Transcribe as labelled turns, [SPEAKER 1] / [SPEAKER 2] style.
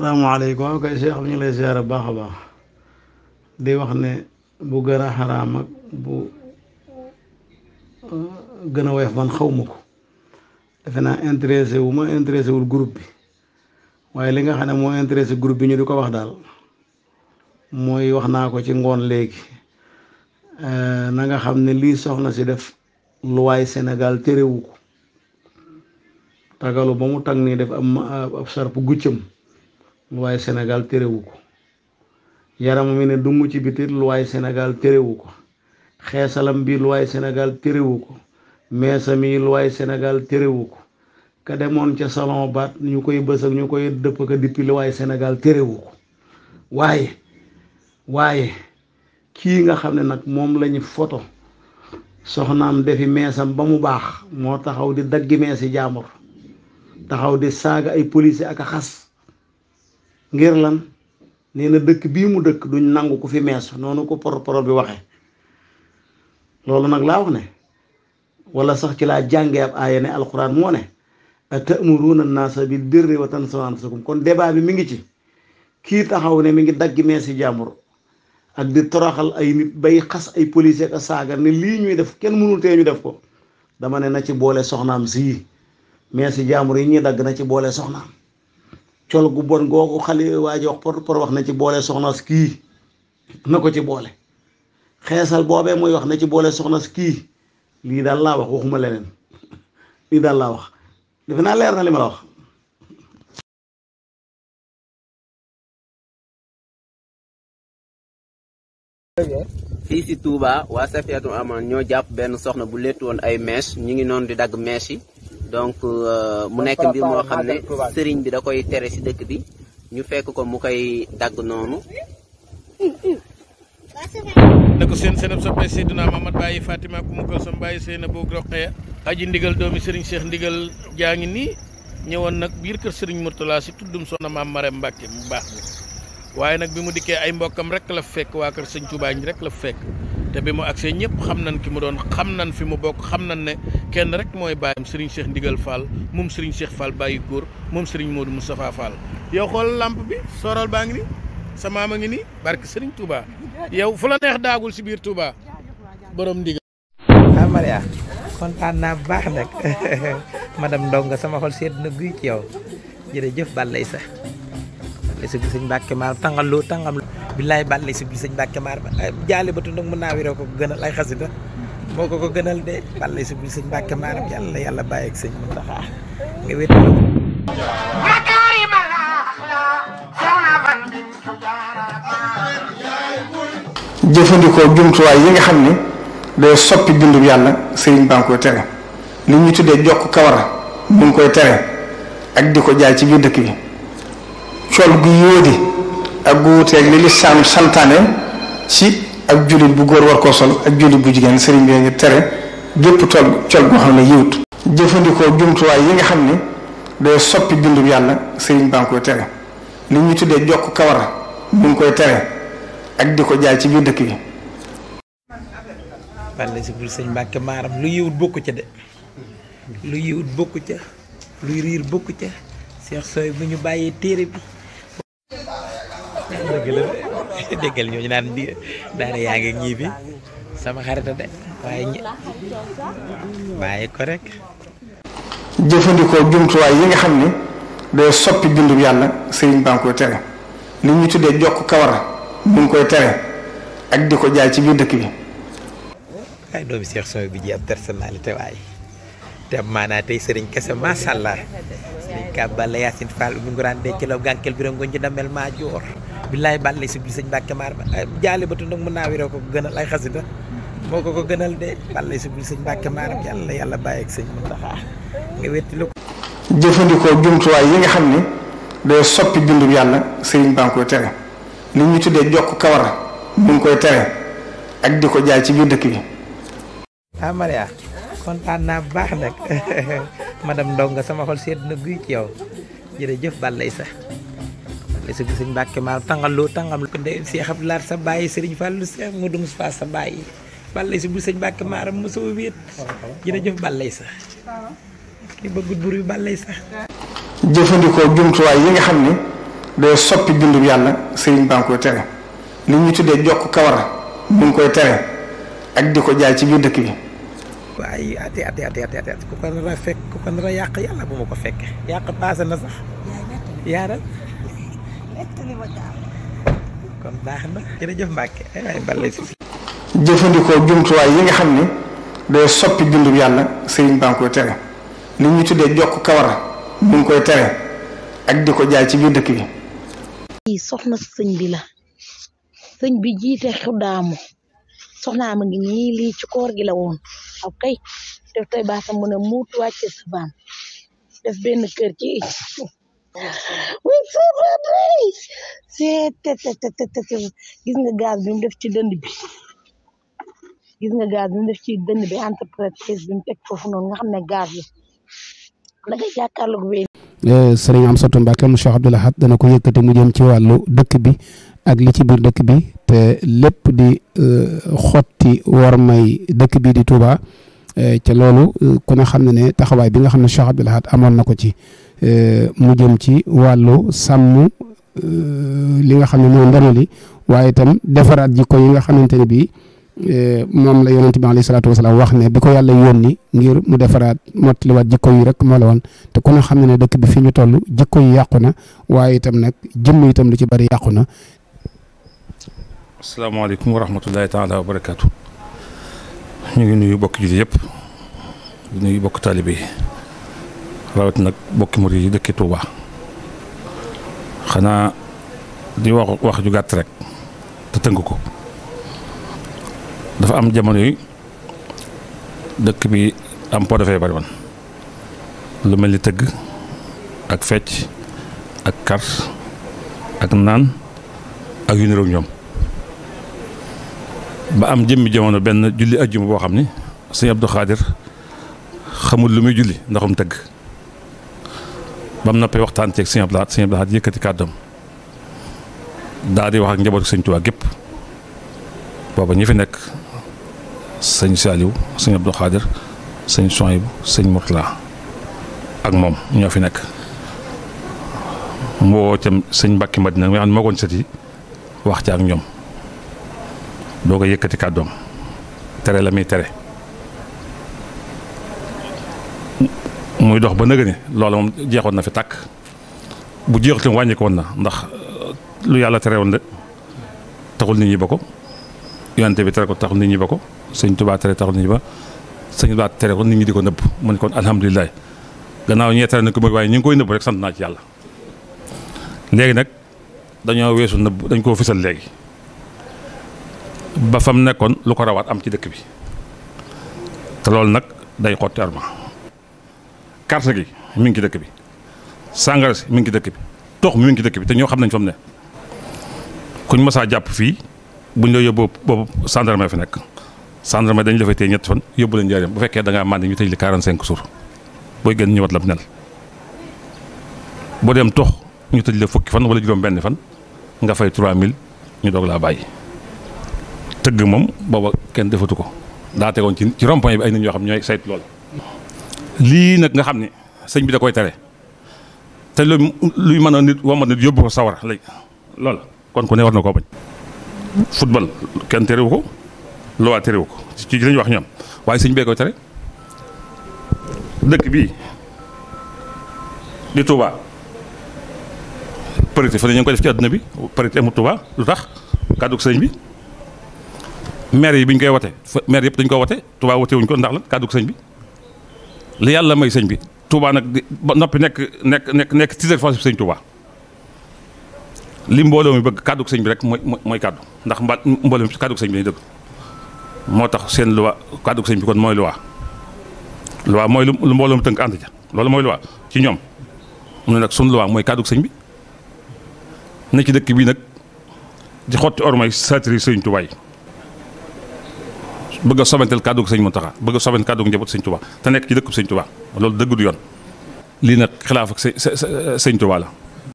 [SPEAKER 1] salaamaaleykum waaw kay Cheikh ñu ngi lay ziyaara baax a baax di wax ne bu gën a xaraam ak bu uh, gën a woyof man xaw ma ko defe naa intéressé wu ma intéressé wul groupe bi waaye li nga xam ne moo intéressé groupe bi ñu di ko wax daal mooy wax naa ko ci ngoon léegi uh, na nga xam ne lii soxna si def luwaay Sénégal terewu ko tagalu ba mu tag nii def ab ab sarp guccam waay senegal térewu ko yaram mi ne dung ci bitit luwaay Sénégal térewu ko xeesalam bi luwaay senegal térewu ko meesam yi luwaay senegal térewu ko ka demoon ca salon baat ñu koy bës ak ñu koy dëpp ka dippi luwaay Sénégal térewu ko waaye waaye kii nga xam ne nag moom lañu foto soxnaam defi meesam ba mu baax moo taxaw di daggi meesi jaamur taxaw di saaga ay policier ak a xas ngir lan nee na dëkk bii mu dëkk duñ nangu ko fi meesu noonu ko porporo bi waxe loolu nag laa wax ne walla sax ci laa jàngee ab aaya ne alquran moo ne atamuruna naasa bil birri wa tansawna anfusakum kon débat bi mi ngi ci kii taxaw ne mi ngi dagg meesi jàmbur ak di toroxal ay nit xas ay police ak saaga ne ñuy def kenn mënul tee ñu def ko dama ne na ci boole soxnaam sii meesi jàmbur yi ñuy dagg na ci boole soxnaam col gu bon googu xale waa wax por por wax na ci boole soxna kii na ko ci boole xeesal boobee mooy wax na ci boole soxna kii lii daal laa wax waxuma leneen lii daal laa wax defe naa leer na li ma wax. fii waa Safiatou Aman ñoo jàpp benn soxna bu léttu ay mèches ñu ngi noonu di dagg
[SPEAKER 2] mèches yi. donc euh, mu nekk mbir moo xam ne sëriñ bi da koy tere si dëkk bi
[SPEAKER 1] ñu fekk ko mu koy dagg noonu. na ko seen seen soppe Seydina Mamad bàyyi Fatima ku mu ko sam bàyyi Seyna boo Roqeya aji ndigal doomi sëriñ seex ndigal jaa ngi nii ñëwoon nag biir kër sëriñ Mourtala si tuddum soxna maam Marème Mbacke mu baax bi waaye nag bi mu dikkee ay mbokkam rek la fekk waa kër Sëñ Touba ñi rek la fekk. te bi mu agsee ñëpp xam nañ ki mu doon xam nañ fi mu bokk xam nañ ne kenn rek mooy bàyyam Serigne Cheikh Ndigal Fall moom Serigne Cheikh Fall bàyyi góor moom Serigne Modou Moustapha Fall. yow xool lamp bi soral baa ngi ni sa maam a ngi nii barke sëriñ Touba yow fu la neex daagul si biir Touba boroom ndigal.
[SPEAKER 2] ah Maria kontaan naa sama xol sedd yow jërëjëf Balla Issa Issa billaay baat lay sibli sëñ Mbàkke maar ba eh, jaale batu nag mën naa wiroo ko gënal ay xasida moo ko ko gënal de baat lay sibli sëñ Mbàkke maaram yàlla yàlla bàyyi ak sëñ Muntaxa nga wéet
[SPEAKER 3] jëfandikoo jumtuwaay yi nga xam ni day soppi bindum yàlla sëriñ baa ngi koy tere li ñu tuddee jokk kawar mu koy tere ak di ko jaay ci biir dëkk bi col gu yóodi ak gu wuteeg li lislaam santaane ci ak jullit bu góor war koo sol ak jullit bu jigéen sëriñ bi ngi tere gépp tool col goo xam ne yiwut jëfandikoo jumtuwaay yi nga xam ne day soppi bindub yàlla sëriñ baa ngi koy tere li ñu tuddee jokk kawar mu ngi koy tere ak di ko jaay ci biir dëkk bi
[SPEAKER 2] walla si bul sëñ Mbàkke maaram lu yiwut bokku ca de lu yiwut bokku ca lu riir bokk ca seex sooy bu ñu bàyyee téere bi dëgg la de ñooñu naan di daane yaa ngi ñii bi sama xarita de waaye ñi bàyyi ko rek
[SPEAKER 3] jëfandikoo jumtuwaay yi nga xam ni day soppi bindu yàlla sëriñ baa ngi koy tere li ñu tuddee jokk kawar mu ngi koy tere ak di ko jaay ci biir dëkk bi
[SPEAKER 2] waaye doomi Cheikh Sow bi ji am personnalité waaye te maanaa tey sëriñ kese masàllaa
[SPEAKER 3] sëriñ
[SPEAKER 2] Kaba la Yacine Fall mu ngi daan denc la gànkeel bi rongoñ ci damel maa joor billaay bàlle si bi sëñ Mbàkke maar ba jaale ba tudd mën naa wiroo ko gënal ay xasida moo ko ko gënal de bàlle si bi sañ Mbàkke maar yàlla yàlla bàyyi ak sëñ Muntaxa
[SPEAKER 3] nga wetti lu jëfandikoo jumtuwaay yi nga xam ni day soppi bindum yàlla sëriñ baa ngi koy tere li ñu tuddee jokk kawar mu koy tere ak di ko jaay ci biir dëkk bi
[SPEAKER 2] ah Maria kontaan naa bu baax nag madame Ndonga sama xol seet na guy ci yow jërëjëf bàllay sax sa sëñ Mbàkke maam tàngaloo tàngam de sa bàyyi Serigne Fallou Cheikh Modou Moustapha sa bàyyi ballay sa bu sëñ Mbàkke maaram mosoo wéet jërëjëf ballay sa li bëggut bur bi ballay
[SPEAKER 3] yi nga xam ne day soppi bindum yàlla sëriñ baa ngi koy tere li ñu tuddee jokk kawar mu koy tere ak di ko jaay ci biir dëkk bi
[SPEAKER 2] waaye ati ati ati ati ati ku ko nar fekk ku ko nar yàq yàlla bu ma ko fekkee yàq paase na sax yaaral
[SPEAKER 3] baax jërëjëf Mbacke ay waay jëfandikoo jumtuwaay yi nga xam ni day soppi bindum yàlla sëriñ baa ngi koy tere li ñu tuddee jokk kawara mu ngi koy tere ak di ko jaay ci biir dëkk bi.
[SPEAKER 2] i soxna sëñ bi la sëñ bi jiite xuddaamu soxnaam a ngi nii lii ci koor gi la woon ak kay def tey baasam mu ne muut wàcce sa baam def benn kër ci. gis nga gaz bi mu def ci dënd bi gis nga gaz bi mu def ci dënd bi entreprise bi mu teg foofu noonu nga xam ne gaz yi da ngay jàkkaarloog wéy.
[SPEAKER 1] sëriñ Amsatou Mbacke mu Cheikh Abdoul Ahad dana ko yëkkati mu jëm ci wàllu dëkk bi ak li ci biir dëkk bi te lépp di euh, xotti wormay dëkk bi di Touba ca euh, loolu euh, ku ne xam ne ne taxawaay bi nga xam ne Cheikh Abdoul Ahad amoon na ko ci. mu jëm ci wàllu sàmm euh, li nga xam ne mooy ndono li waaye tam defaraat jikko yi nga xamante ne bii euh, moom la yonanti bi alayhi salaatu wasalaam wax ne bi ko yàlla ni ngir mu defaraat mottaliwaat jikko yi rek moo la woon te ku ne xam ne ne dëkk bi fi ñu toll jikko yi yàqu na waaye itam nag jëmm itam lu ci bari yàqu na.
[SPEAKER 4] asalaamaaleykum wa rahmatullahi taala wa barakaatu. ñu ngi nuyu bokk jullit yëpp nuyu bokk taalibe rawat nag bokki murid yi dëkki Touba xanaa di wax wax ju gàtt rek te tënk ko dafa am jamonoy dëkk bi am po dafay bari woon lu mel ni tëgg ak fecc ak kar ak naan ak yu ñoom ba am jëmmi jamono benn julli ajjuma boo xam ni sëñ Abdou Khadir xamul lu muy julli ndaxum tëgg ba mu noppee waxtaan ceeg sëñ Abdou Lahad sëñ yëkkati kàddam daal di wax ak njabootu sëñ Tuubaa gépp booba ñi fi nekk sëñ Saliou sëñ Abdou Khadir sëñ Soyibu sëñ Mourtala ak moom ñoo fi nekk moo tam sëñ Mbàkke Madina nga xam ne moo koon wax ci ak ñoom doo ko yëkkati kàddoom tere la muy tere muy dox ba nëgë ni loolu moom jeexoon na fi tàkk bu jeexutoon wàññiku woon na ndax euh, lu yàlla tere woon de taxul nit ñi ba ko yonante bi tere ko taxul nit ñi ba tere taxul nit ñi sëñ Tuubaa tere ko nit ñi di nëbb mu ne kon alhamdulilah gannaaw ñee tere na ko waaye ñu ngi koy nëbb rek naa ci yàlla nag dañoo weesu nëbb dañ koo fisal léegi ba fam nekkoon lu ko rawaat am ci dëkk bi te loolu nag day xotti arma carte gi mi ngi ci dëkk bi sàngara si mi ngi ci dëkk bi toox mi mi ngi ci dëkk bi te ñoo xam nañ fa mu ne kuñ masaa jàpp fii buñ la yóbboo boobu gendarmerie fi nekk gendarmerie dañ la fay téye ñetti fan yóbbu la njaareem bu fekkee da ngaa màndi ñu tëj li 45 jours booy génn ñëwaat la bu nel dem tox ñu tëj la fukki fan wala juróom benn fan nga fay 3000 ñu doog laa bàyyi tëgg moom booba kenn defatu ko daa tegoon ci ci rond-point bi ay nit ñoo xam ñooy saytu lool lii nag nga xam ne sëñ bi da koy tere te lu luy mën a nit womat nit yóbbu ko sawara léegi lool kon ku ne war na koo bañ. football kenn terewu ko loi terewu ko ci lañu wax ñoom waaye sëñ bee koy tere dëkk bii di Touba parité fa ne ñu ngi koy def ci àdduna bi parité amul Touba lu tax kàddu sëñ bi maire yi bi ñu koy wote maire yëpp dañu ko wote Touba wote wuñ ko ndax la kàddu sëñ bi. li yàlla mooy sëñ bi Touba nag ba noppi nekk nekk nekk nekk titre foncier bi sëñ Touba li mbooloo mi bëgg kàddu sëñ bi rek mooy mooy kàddu ndax mba mbooloo mi kàddu sëñ bi lañ moo tax seen luwa kàddu sëñ bi kon mooy luwa luwa mooy lu mbooloo mi tënk ànd ja loolu mooy luwa ci ñoom mu ne nag sunu luwa mooy kàddu sëñ bi ne ci dëkk bii nag di xotti ormay satiri sëñ Touba bëgg a sobantel kàddu sëñ Muntaxa bëgg a sobantel kàddu njaboot sëñ Tuubaa te nekk ci dëkkub sëñ Tuubaa loolu dëgg yoon lii nag xilaaf ak sëñ Tuubaa la